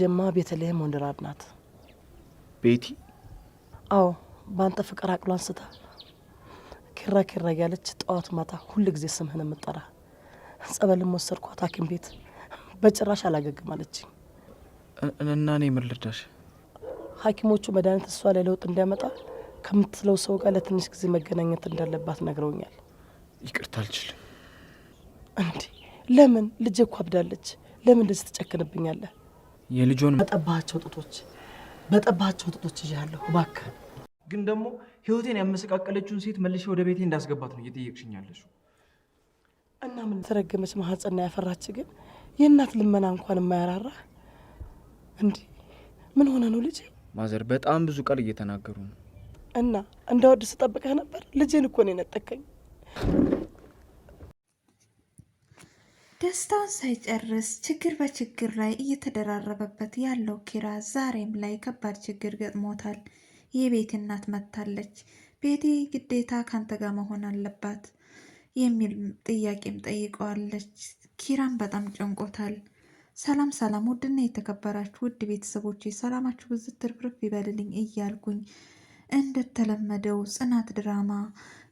ጀማ ቤተልሔም ወንደራድ ናት። ቤቲ? አዎ፣ በአንተ ፍቅር አቅሎ አንስታ ኪራ ኪራ ያለች ጠዋት ማታ ሁል ጊዜ ስምህን የምጠራ ጸበልም ወሰድኳት ሐኪም ቤት በጭራሽ አላገግማለች። እና እኔ ምን ልርዳሽ? ሐኪሞቹ መድኃኒት እሷ ላይ ለውጥ እንዲያመጣ ከምትለው ሰው ጋር ለትንሽ ጊዜ መገናኘት እንዳለባት ነግረውኛል። ይቅርታ አልችልም። እንዲህ ለምን ልጄ እኮ አብዳለች። ለምን እንደዚህ ትጨክንብኛለህ? የልጆን በጠባቸው ጥጦች በጠባቸው ጥጦች እያለሁ እባክህ። ግን ደግሞ ህይወቴን ያመሰቃቀለችውን ሴት መልሼ ወደ ቤቴ እንዳስገባት ነው እየጠየቅሽኛለሽ። እና ምን ተረገመች ማህፀና ያፈራች ግን የእናት ልመና እንኳን የማያራራ እንዲህ ምን ሆነ ነው ልጅ? ማዘር በጣም ብዙ ቃል እየተናገሩ ነው። እና እንደ ወድ ስጠብቀህ ነበር። ልጄን እኮ ነው የነጠቀኝ። ደስታውን ሳይጨርስ ችግር በችግር ላይ እየተደራረበበት ያለው ኪራ ዛሬም ላይ ከባድ ችግር ገጥሞታል። የቤቲ እናት መጥታለች። ቤቲ ግዴታ ካንተ ጋር መሆን አለባት የሚል ጥያቄም ጠይቀዋለች። ኪራም በጣም ጨንቆታል። ሰላም ሰላም፣ ውድና የተከበራችሁ ውድ ቤተሰቦች ሰላማችሁ ብዙ ትርፍርፍ ይበልልኝ እያልኩኝ እንደተለመደው ጽናት ድራማ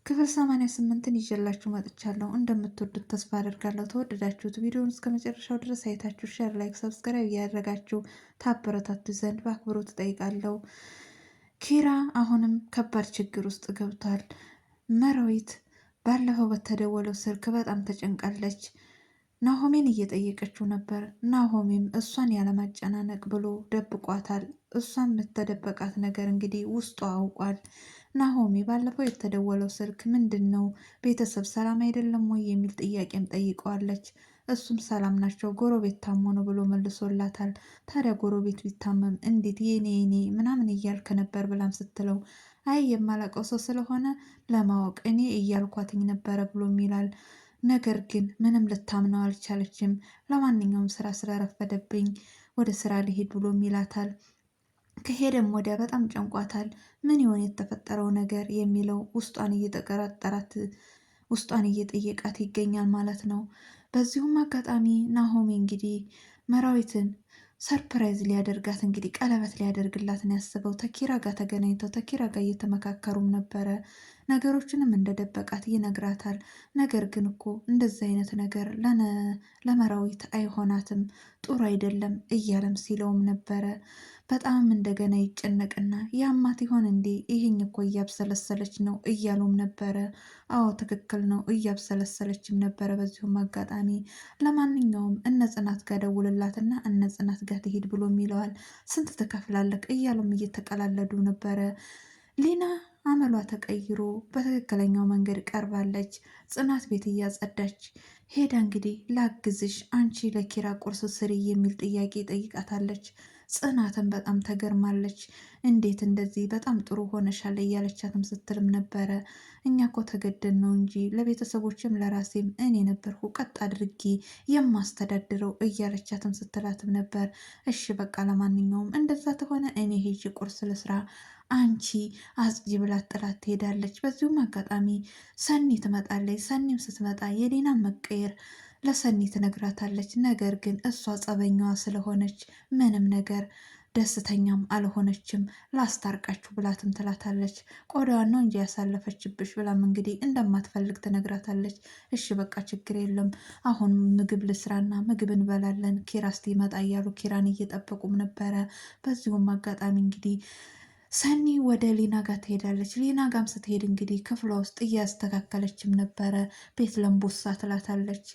ክፍል 88ን ይዤላችሁ መጥቻለሁ። እንደምትወዱት ተስፋ አደርጋለሁ። ተወደዳችሁት ቪዲዮውን እስከ መጨረሻው ድረስ አይታችሁ ሼር፣ ላይክ፣ ሰብስክራይብ እያደረጋችሁ ታበረታቱ ዘንድ በአክብሮት እጠይቃለሁ። ኪራ አሁንም ከባድ ችግር ውስጥ ገብቷል። መራዊት ባለፈው በተደወለው ስልክ በጣም ተጨንቃለች። ናሆሜን እየጠየቀችው ነበር። ናሆሜም እሷን ያለማጨናነቅ ብሎ ደብቋታል። እሷን የምትደበቃት ነገር እንግዲህ ውስጡ አውቋል። ናሆሜ ባለፈው የተደወለው ስልክ ምንድን ነው፣ ቤተሰብ ሰላም አይደለም ወይ የሚል ጥያቄም ጠይቀዋለች። እሱም ሰላም ናቸው፣ ጎረቤት ታሞ ነው ብሎ መልሶላታል። ታዲያ ጎረቤት ቢታመም እንዴት የኔ የኔ ምናምን እያልክ ነበር ብላም ስትለው አይ የማላውቀው ሰው ስለሆነ ለማወቅ እኔ እያልኳትኝ ነበረ ብሎም ይላል። ነገር ግን ምንም ልታምነው አልቻለችም። ለማንኛውም ስራ ስለረፈደብኝ ወደ ስራ ሊሄድ ብሎም ይላታል። ከሄደም ወዲያ በጣም ጨንቋታል። ምን ይሆን የተፈጠረው ነገር የሚለው ውስጧን እየተጠራጠራት ውስጧን እየጠየቃት ይገኛል ማለት ነው። በዚሁም አጋጣሚ ናሆሚ እንግዲህ መራዊትን ሰርፕራይዝ ሊያደርጋት እንግዲህ ቀለበት ሊያደርግላት ነው ያስበው። ተኪራ ጋር ተገናኝተው ተኪራ ጋር እየተመካከሩም ነበረ። ነገሮችንም እንደደበቃት ይነግራታል። ነገር ግን እኮ እንደዚህ አይነት ነገር ለመራዊት አይሆናትም፣ ጥሩ አይደለም እያለም ሲለውም ነበረ። በጣም እንደገና ይጨነቅና ያማት ይሆን እንዴ? ይህኝ እኮ እያብሰለሰለች ነው እያሉም ነበረ። አዎ ትክክል ነው፣ እያብሰለሰለችም ነበረ። በዚሁም አጋጣሚ ለማንኛውም እነ ጽናት ጋር ደውልላትና እነ ጽናት ጋር ትሄድ ብሎም ይለዋል። ስንት ትከፍላለህ እያሉም እየተቀላለዱ ነበረ ሊና አመሏ ተቀይሮ በትክክለኛው መንገድ ቀርባለች። ጽናት ቤት እያጸዳች ሄዳ እንግዲህ ላግዝሽ አንቺ ለኪራ ቁርስ ስሪ የሚል ጥያቄ ጠይቃታለች። ጽናትን በጣም ተገርማለች። እንዴት እንደዚህ በጣም ጥሩ ሆነሻል እያለቻትም ስትልም ነበረ። እኛ ኮ ተገደን ነው እንጂ ለቤተሰቦችም ለራሴም እኔ ነበርኩ ቀጥ አድርጌ የማስተዳድረው እያለቻትም ስትላትም ነበር። እሺ በቃ ለማንኛውም እንደዛ ተሆነ እኔ ሄጅ ቁርስ ልስራ አንቺ አጽጂ ብላት ጥላት ትሄዳለች። በዚሁም አጋጣሚ ሰኒ ትመጣለች። ሰኒም ስትመጣ የሌና መቀየር ለሰኒ ትነግራታለች። ነገር ግን እሷ ጸበኛዋ ስለሆነች ምንም ነገር ደስተኛም አልሆነችም። ላስታርቃችሁ ብላትም ትላታለች። ቆዳዋን ነው እንጂ ያሳለፈችብሽ ብላም እንግዲህ እንደማትፈልግ ትነግራታለች። እሺ በቃ ችግር የለም አሁን ምግብ ልስራና ምግብ እንበላለን ኪራ ይመጣ እያሉ ኪራን እየጠበቁም ነበረ። በዚሁም አጋጣሚ እንግዲህ ሰኒ ወደ ሊና ጋር ትሄዳለች። ሊና ጋም ስትሄድ እንግዲህ ክፍሏ ውስጥ እያስተካከለችም ነበረ። ቤት ለምቦሳ ትላታለች።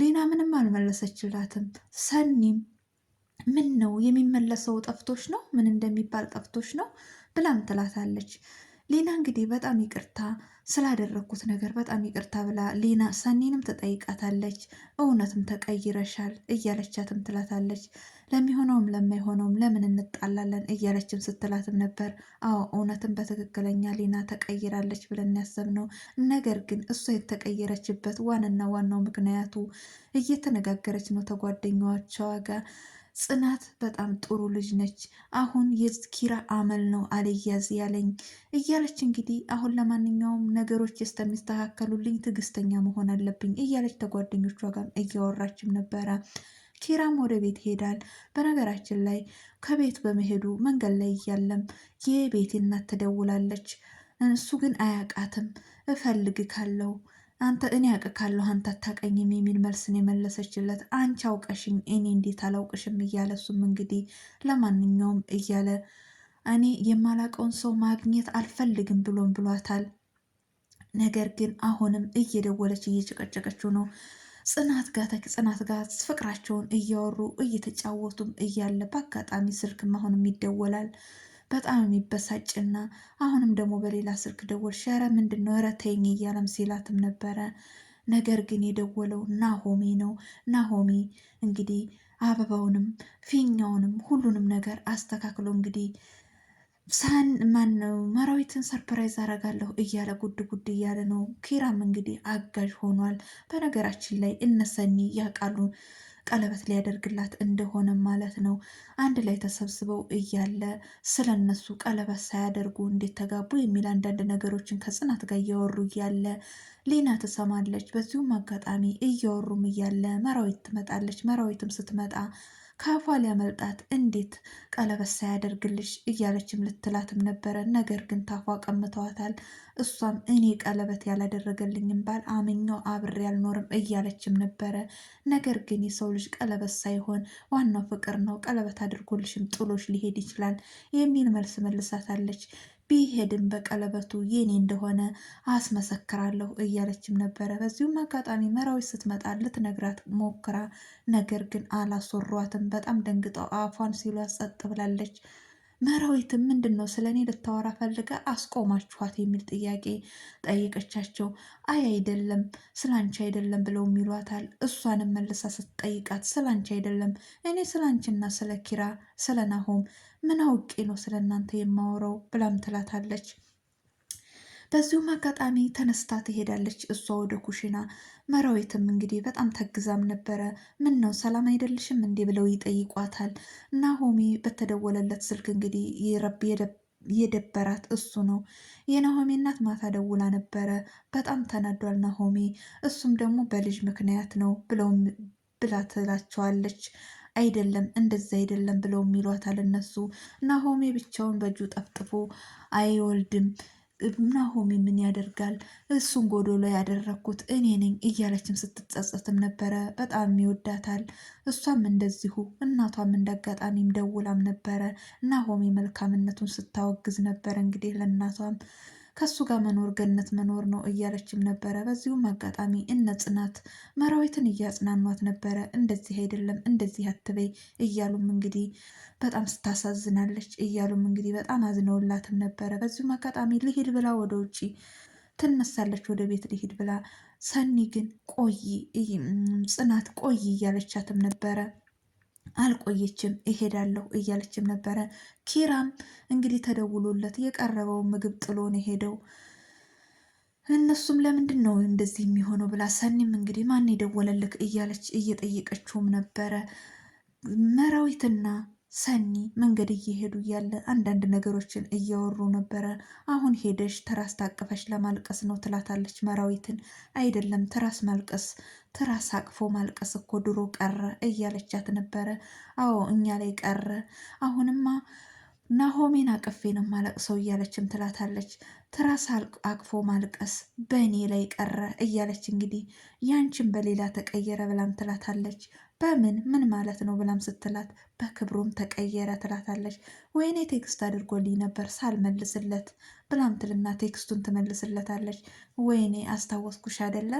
ሊና ምንም አልመለሰችላትም። ሰኒም ምን ነው የሚመለሰው ጠፍቶች ነው ምን እንደሚባል ጠፍቶች ነው ብላም ትላታለች። ሌላ እንግዲህ በጣም ይቅርታ ስላደረግኩት ነገር በጣም ይቅርታ ብላ ሌና ሰኒንም ትጠይቃታለች። እውነትም ተቀይረሻል እያለቻትም ትላታለች። ለሚሆነውም ለማይሆነውም ለምን እንጣላለን እያለችም ስትላትም ነበር። አዎ እውነትም በትክክለኛ ሌና ተቀይራለች ብለን ያሰብነው ነገር ግን እሷ የተቀየረችበት ዋንና ዋናው ምክንያቱ እየተነጋገረች ነው ተጓደኛዎቿ ጋር ጽናት በጣም ጥሩ ልጅ ነች። አሁን የኪራ አመል ነው አልያዝ ያለኝ እያለች እንግዲህ አሁን ለማንኛውም ነገሮች እስከሚስተካከሉልኝ ትዕግስተኛ መሆን አለብኝ እያለች ከጓደኞቿ ጋር እያወራችም ነበረ። ኪራም ወደ ቤት ይሄዳል። በነገራችን ላይ ከቤት በመሄዱ መንገድ ላይ እያለም የቤቴ እናት ትደውላለች። እሱ ግን አያቃትም። እፈልግ ካለው አንተ እኔ አውቅካለሁ አንተ አታቀኝም የሚል መልስን የመለሰችለት፣ አንቺ አውቀሽኝ እኔ እንዴት አላውቅሽም እያለ እሱም እንግዲህ ለማንኛውም እያለ እኔ የማላውቀውን ሰው ማግኘት አልፈልግም ብሎም ብሏታል። ነገር ግን አሁንም እየደወለች እየጨቀጨቀችው ነው። ጽናት ጋር ጽናት ጋር ፍቅራቸውን እያወሩ እየተጫወቱም እያለ በአጋጣሚ ስልክም አሁንም ይደወላል። በጣም የሚበሳጭና አሁንም ደግሞ በሌላ ስልክ ደወል ሸረ ምንድን ነው ኧረ እያለም ሲላትም ነበረ። ነገር ግን የደወለው ናሆሚ ነው። ናሆሚ እንግዲህ አበባውንም ፊኛውንም ሁሉንም ነገር አስተካክሎ እንግዲህ ሳን ማን ነው መራዊትን ሰርፕራይዝ አረጋለሁ እያለ ጉድ ጉድ እያለ ነው። ኪራም እንግዲህ አጋዥ ሆኗል። በነገራችን ላይ እነሰኒ ያውቃሉ ቀለበት ሊያደርግላት እንደሆነ ማለት ነው። አንድ ላይ ተሰብስበው እያለ ስለ እነሱ ቀለበት ሳያደርጉ እንዴት ተጋቡ የሚል አንዳንድ ነገሮችን ከጽናት ጋር እያወሩ እያለ ሊና ትሰማለች። በዚሁም አጋጣሚ እያወሩም እያለ መራዊት ትመጣለች። መራዊትም ስትመጣ ከአፏ ሊያመልጣት እንዴት ቀለበት ሳያደርግልሽ እያለችም ልትላትም ነበረ። ነገር ግን ታፏ ቀምተዋታል። እሷም እኔ ቀለበት ያላደረገልኝም ባል አምኛው አብሬ አልኖርም እያለችም ነበረ። ነገር ግን የሰው ልጅ ቀለበት ሳይሆን ዋናው ፍቅር ነው። ቀለበት አድርጎልሽም ጥሎሽ ሊሄድ ይችላል የሚል መልስ መልሳታለች። ቢሄድም በቀለበቱ የኔ እንደሆነ አስመሰክራለሁ እያለችም ነበረ። በዚሁም አጋጣሚ መራዊት ስትመጣ ልትነግራት ሞክራ ነገር ግን አላስወሯትም። በጣም ደንግጠው አፏን ሲሉ ያስጸጥ ብላለች። መራዊትም ምንድን ነው ስለ እኔ ልታወራ ፈልጋ አስቆማችኋት የሚል ጥያቄ ጠይቀቻቸው። አይ አይደለም ስላንቺ አይደለም ብለው ይሏታል። እሷንም መልሳ ስትጠይቃት ስላንቺ አይደለም እኔ ስላንቺና ስለ ኪራ ስለ ናሆም ምን አውቄ ነው ስለ እናንተ የማወራው ብላም ትላታለች። በዚሁም አጋጣሚ ተነስታ ትሄዳለች። እሷ ወደ ኩሽና መራዊትም እንግዲህ በጣም ተግዛም ነበረ። ምን ነው ሰላም አይደልሽም እንዴ ብለው ይጠይቋታል። ናሆሚ በተደወለለት ስልክ እንግዲህ ይረብ የደበራት እሱ ነው። የናሆሜ እናት ማታ ደውላ ነበረ። በጣም ተናዷል ናሆሚ። እሱም ደግሞ በልጅ ምክንያት ነው ብለውም ብላ ትላቸዋለች። አይደለም እንደዛ አይደለም ብለውም ይሏታል እነሱ። ናሆሚ ብቻውን በእጁ ጠፍጥፎ አይወልድም ናሆሜ ምን ያደርጋል እሱን ጎዶሎ ያደረግኩት እኔ ነኝ እያለችም ስትጸጸትም ነበረ። በጣም ይወዳታል። እሷም እንደዚሁ እናቷም እንዳጋጣሚም ደውላም ነበረ። ናሆሜ መልካምነቱን ስታወግዝ ነበረ እንግዲህ ለእናቷም ከሱ ጋር መኖር ገነት መኖር ነው እያለችም ነበረ። በዚሁም አጋጣሚ እነ ጽናት መራዊትን እያጽናኗት ነበረ። እንደዚህ አይደለም እንደዚህ አትበይ እያሉም እንግዲህ በጣም ስታሳዝናለች እያሉም እንግዲህ በጣም አዝነውላትም ነበረ። በዚሁም አጋጣሚ ልሂድ ብላ ወደ ውጭ ትነሳለች ወደ ቤት ልሂድ ብላ ሰኒ ግን ቆይ ጽናት ቆይ እያለቻትም ነበረ። አልቆየችም እሄዳለሁ እያለችም ነበረ። ኪራም እንግዲህ ተደውሎለት የቀረበው ምግብ ጥሎ ነው የሄደው። እነሱም ለምንድን ነው እንደዚህ የሚሆነው ብላ ሰኒም እንግዲህ ማን የደወለልክ እያለች እየጠየቀችውም ነበረ መራዊትና ሰኒ መንገድ እየሄዱ እያለ አንዳንድ ነገሮችን እያወሩ ነበረ። አሁን ሄደሽ ትራስ ታቅፈሽ ለማልቀስ ነው ትላታለች መራዊትን። አይደለም ትራስ ማልቀስ ትራስ አቅፎ ማልቀስ እኮ ድሮ ቀረ እያለቻት ነበረ። አዎ እኛ ላይ ቀረ። አሁንማ ናሆሜን አቅፌ ማለቅሰው እያለችም ትላታለች። ትራስ አቅፎ ማልቀስ በእኔ ላይ ቀረ እያለች እንግዲህ ያንቺን በሌላ ተቀየረ ብላም ትላታለች። በምን ምን ማለት ነው ብላም ስትላት በክብሩም ተቀየረ ትላታለች። ወይኔ ቴክስት አድርጎልኝ ነበር ሳልመልስለት ብላም ትልና ቴክስቱን ትመልስለታለች። ወይኔ አስታወስኩሽ አደለ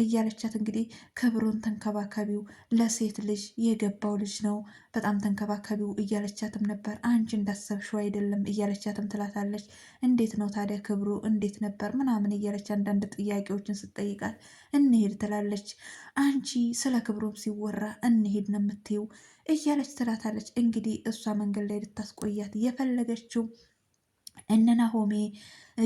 እያለቻት እንግዲህ ክብሩን ተንከባከቢው፣ ለሴት ልጅ የገባው ልጅ ነው፣ በጣም ተንከባከቢው እያለቻትም ነበር። አንቺ እንዳሰብሽው አይደለም እያለቻትም ትላታለች። እንዴት ነው ታዲያ ክብሩ እንዴት ነበር ምናምን እያለች አንዳንድ ጥያቄዎችን ስትጠይቃት እንሄድ ትላለች። አንቺ ስለ ክብሩም ሲወራ እንሄድ ነው የምትይው እያለች ትላታለች። እንግዲህ እሷ መንገድ ላይ ልታስቆያት የፈለገችው እነናሆሜ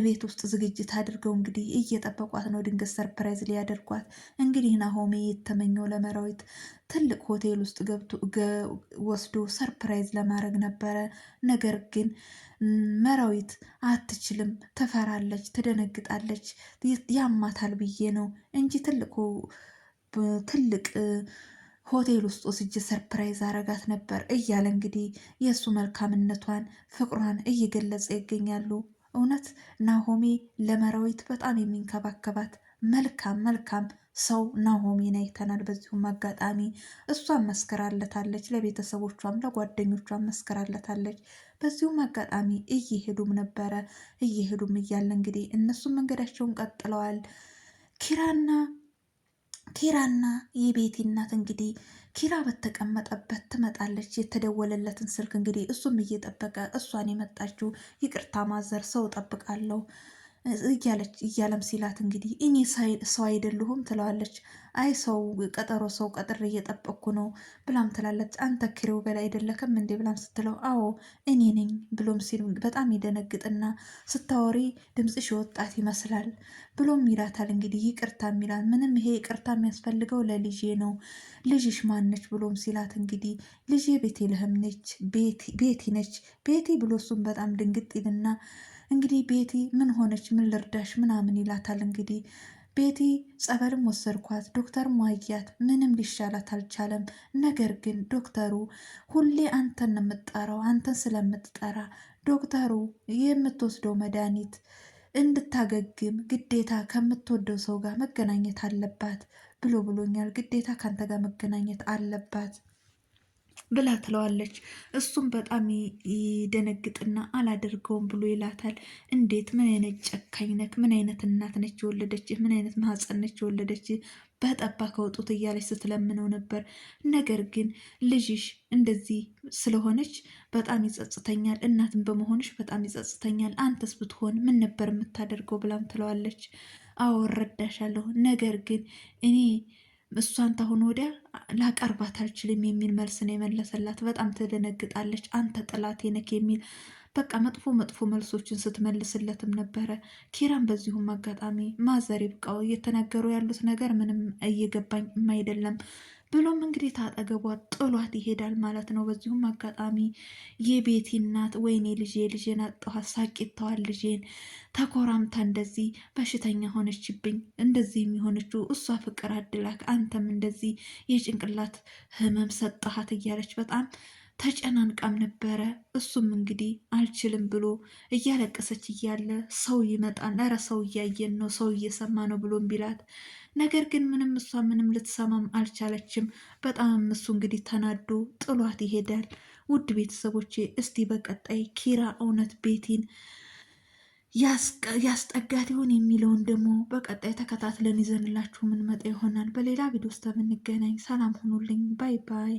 ቤት ውስጥ ዝግጅት አድርገው እንግዲህ እየጠበቋት ነው። ድንገት ሰርፕራይዝ ሊያደርጓት እንግዲህ ናሆሜ የተመኘው ለመራዊት ትልቅ ሆቴል ውስጥ ገብቶ ወስዶ ሰርፕራይዝ ለማድረግ ነበረ። ነገር ግን መራዊት አትችልም፣ ትፈራለች፣ ትደነግጣለች፣ ያማታል ብዬ ነው እንጂ ትልቁ ትልቅ ሆቴል ውስጥ ወስጄ ሰርፕራይዝ አረጋት ነበር እያለ እንግዲህ የእሱ መልካምነቷን ፍቅሯን እየገለጸ ይገኛሉ። እውነት ናሆሜ ለመራዊት በጣም የሚንከባከባት መልካም መልካም ሰው ናሆሜን አይተናል። በዚሁም አጋጣሚ እሷን መስከራለታለች፣ ለቤተሰቦቿም ለጓደኞቿም መስከራለታለች። በዚሁም አጋጣሚ እየሄዱም ነበረ እየሄዱም እያለ እንግዲህ እነሱም መንገዳቸውን ቀጥለዋል ኪራና ኪራና የቤቲ እናት እንግዲህ ኪራ በተቀመጠበት ትመጣለች። የተደወለለትን ስልክ እንግዲህ እሱም እየጠበቀ እሷን የመጣችው ይቅርታ ማዘር ሰው ጠብቃለሁ እያለች እያለም ሲላት እንግዲህ እኔ ሰው አይደለሁም ትለዋለች። አይ ሰው ቀጠሮ ሰው ቀጥር እየጠበቅኩ ነው ብላም ትላለች። አንተ ኪሪው በላይ አይደለክም እንዴ ብላም ስትለው አዎ እኔ ነኝ ብሎም ሲል በጣም ይደነግጥና ስታወሪ ድምፅሽ ወጣት ይመስላል ብሎም ይላታል። እንግዲህ ይቅርታ ይላል። ምንም ይሄ ይቅርታ የሚያስፈልገው ለልጄ ነው። ልጅሽ ማነች ብሎም ሲላት እንግዲህ ልጄ ልህም ነች ቤቲ ነች ቤቲ ብሎ እሱም በጣም ድንግጥ ይልና እንግዲህ ቤቲ ምን ሆነች ምን ልርዳሽ ምናምን ይላታል እንግዲህ ቤቲ ጸበልም ወሰድኳት፣ ዶክተር ማያት ምንም ሊሻላት አልቻለም። ነገር ግን ዶክተሩ ሁሌ አንተን የምትጠራው አንተን ስለምትጠራ ዶክተሩ የምትወስደው መድኃኒት እንድታገግም ግዴታ ከምትወደው ሰው ጋር መገናኘት አለባት ብሎ ብሎኛል። ግዴታ ከአንተ ጋር መገናኘት አለባት ብላ ትለዋለች። እሱም በጣም ይደነግጥና አላደርገውም ብሎ ይላታል። እንዴት ምን አይነት ጨካኝ ነክ፣ ምን አይነት እናት ነች የወለደች፣ ምን አይነት ማህፀን ነች የወለደች፣ በጠባ ከወጡት እያለች ስትለምነው ነበር። ነገር ግን ልጅሽ እንደዚህ ስለሆነች በጣም ይጸጽተኛል፣ እናትን በመሆንሽ በጣም ይጸጽተኛል። አንተስ ብትሆን ምን ነበር የምታደርገው? ብላም ትለዋለች። አዎ እረዳሻለሁ፣ ነገር ግን እኔ እሷን ታሁን ወዲያ ላቀርባት አልችልም የሚል መልስ ነው የመለሰላት። በጣም ትደነግጣለች። አንተ ጥላት ነክ የሚል በቃ መጥፎ መጥፎ መልሶችን ስትመልስለትም ነበረ። ኪራን በዚሁም አጋጣሚ ማዘር ይብቃው፣ እየተናገሩ ያሉት ነገር ምንም እየገባኝ አይደለም ብሎም እንግዲህ ታጠገቧ ጥሏት ይሄዳል ማለት ነው። በዚሁም አጋጣሚ የቤቲ እናት ወይኔ ልጄ ልጄን አጣኋት፣ ሳቂተዋል ልጄን ተኮራምታ እንደዚህ በሽተኛ ሆነችብኝ፣ እንደዚህ የሚሆነችው እሷ ፍቅር አድላክ፣ አንተም እንደዚህ የጭንቅላት ህመም ሰጠሃት እያለች በጣም ተጨናንቃም ነበረ። እሱም እንግዲህ አልችልም ብሎ እያለቀሰች እያለ ሰው ይመጣል። ኧረ ሰው እያየን ነው፣ ሰው እየሰማ ነው ብሎም ቢላት ነገር ግን ምንም እሷ ምንም ልትሰማም አልቻለችም። በጣም እሱ እንግዲህ ተናዶ ጥሏት ይሄዳል። ውድ ቤተሰቦቼ እስቲ በቀጣይ ኪራ እውነት ቤቲን ያስጠጋት ይሆን የሚለውን ደግሞ በቀጣይ ተከታትለን ይዘንላችሁ ምንመጣ ይሆናል። በሌላ ቪዲዮ ውስጥ የምንገናኝ። ሰላም ሁኑልኝ። ባይ ባይ